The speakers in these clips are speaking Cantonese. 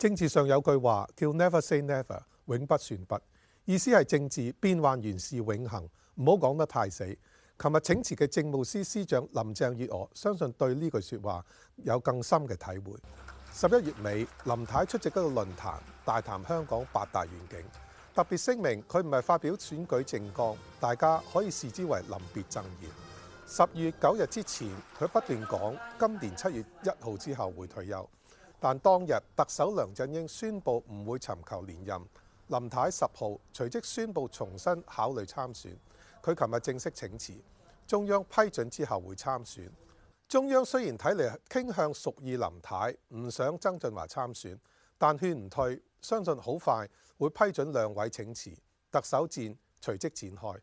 政治上有句話叫 never say never，永不說不，意思係政治變幻原是永恆，唔好講得太死。琴日請辭嘅政務司司長林鄭月娥相信對呢句説話有更深嘅體會。十一月尾，林太出席嗰個論壇，大談香港八大願景，特別聲明佢唔係發表選舉政綱，大家可以視之為臨別贈言。十二月九日之前，佢不斷講今年七月一號之後會退休。但當日特首梁振英宣布唔會尋求連任，林太十號隨即宣布重新考慮參選。佢琴日正式請辭，中央批准之後會參選。中央雖然睇嚟傾向屬意林太，唔想曾俊華參選，但勸唔退，相信好快會批准兩位請辭。特首戰隨即展開。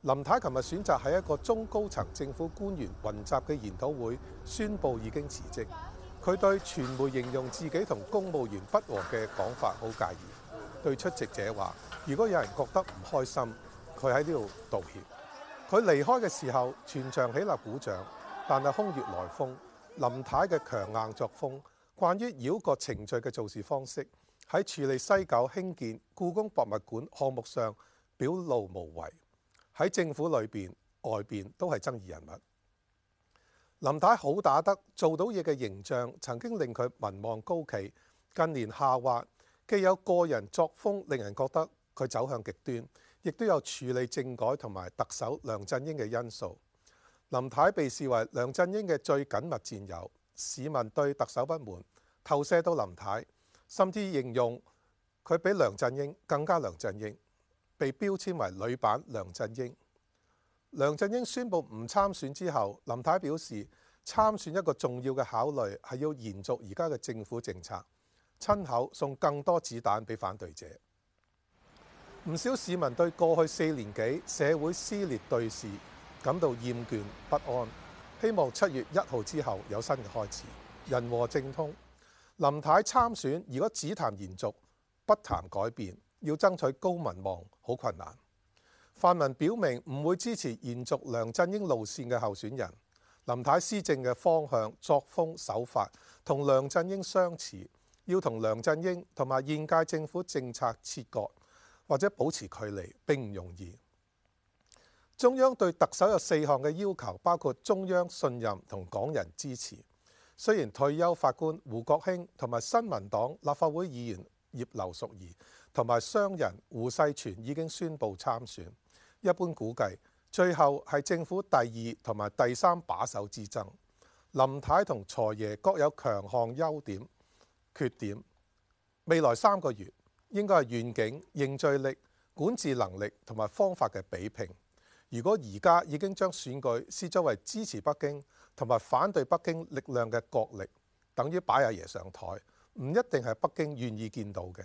林太琴日選擇喺一個中高層政府官員雲集嘅研討會宣布已經辭職。佢對傳媒形容自己同公務員不和嘅講法好介意，對出席者話：如果有人覺得唔開心，佢喺呢度道歉。佢離開嘅時候，全場起立鼓掌。但係空穴來風，林太嘅強硬作風，慣於繞過程序嘅做事方式，喺處理西九興建故宮博物館項目上表露無遺。喺政府裏邊、外邊都係爭議人物。林太好打得，做到嘢嘅形象，曾經令佢民望高企。近年下滑，既有個人作風令人覺得佢走向極端，亦都有處理政改同埋特首梁振英嘅因素。林太被視為梁振英嘅最緊密戰友，市民對特首不滿投射到林太，甚至形容佢比梁振英更加梁振英，被標籤為女版梁振英。梁振英宣布唔參選之後，林太表示參選一個重要嘅考慮係要延續而家嘅政府政策，親口送更多子彈俾反對者。唔少市民對過去四年幾社會撕裂對視感到厭倦不安，希望七月一號之後有新嘅開始。人和政通，林太參選，如果只談延續不談改變，要爭取高民望好困難。泛民表明唔會支持延續梁振英路線嘅候選人。林太施政嘅方向、作風、手法同梁振英相似，要同梁振英同埋現屆政府政策切割或者保持距離並唔容易。中央對特首有四項嘅要求，包括中央信任同港人支持。雖然退休法官胡國興同埋新民黨立法會議員葉劉淑儀同埋商人胡世全已經宣布參選。一般估計，最後係政府第二同埋第三把手之爭。林太同財爺各有強項優點、缺點。未來三個月應該係願景、凝聚力、管治能力同埋方法嘅比拼。如果而家已經將選舉視作為支持北京同埋反對北京力量嘅角力，等於擺阿爺上台，唔一定係北京願意見到嘅。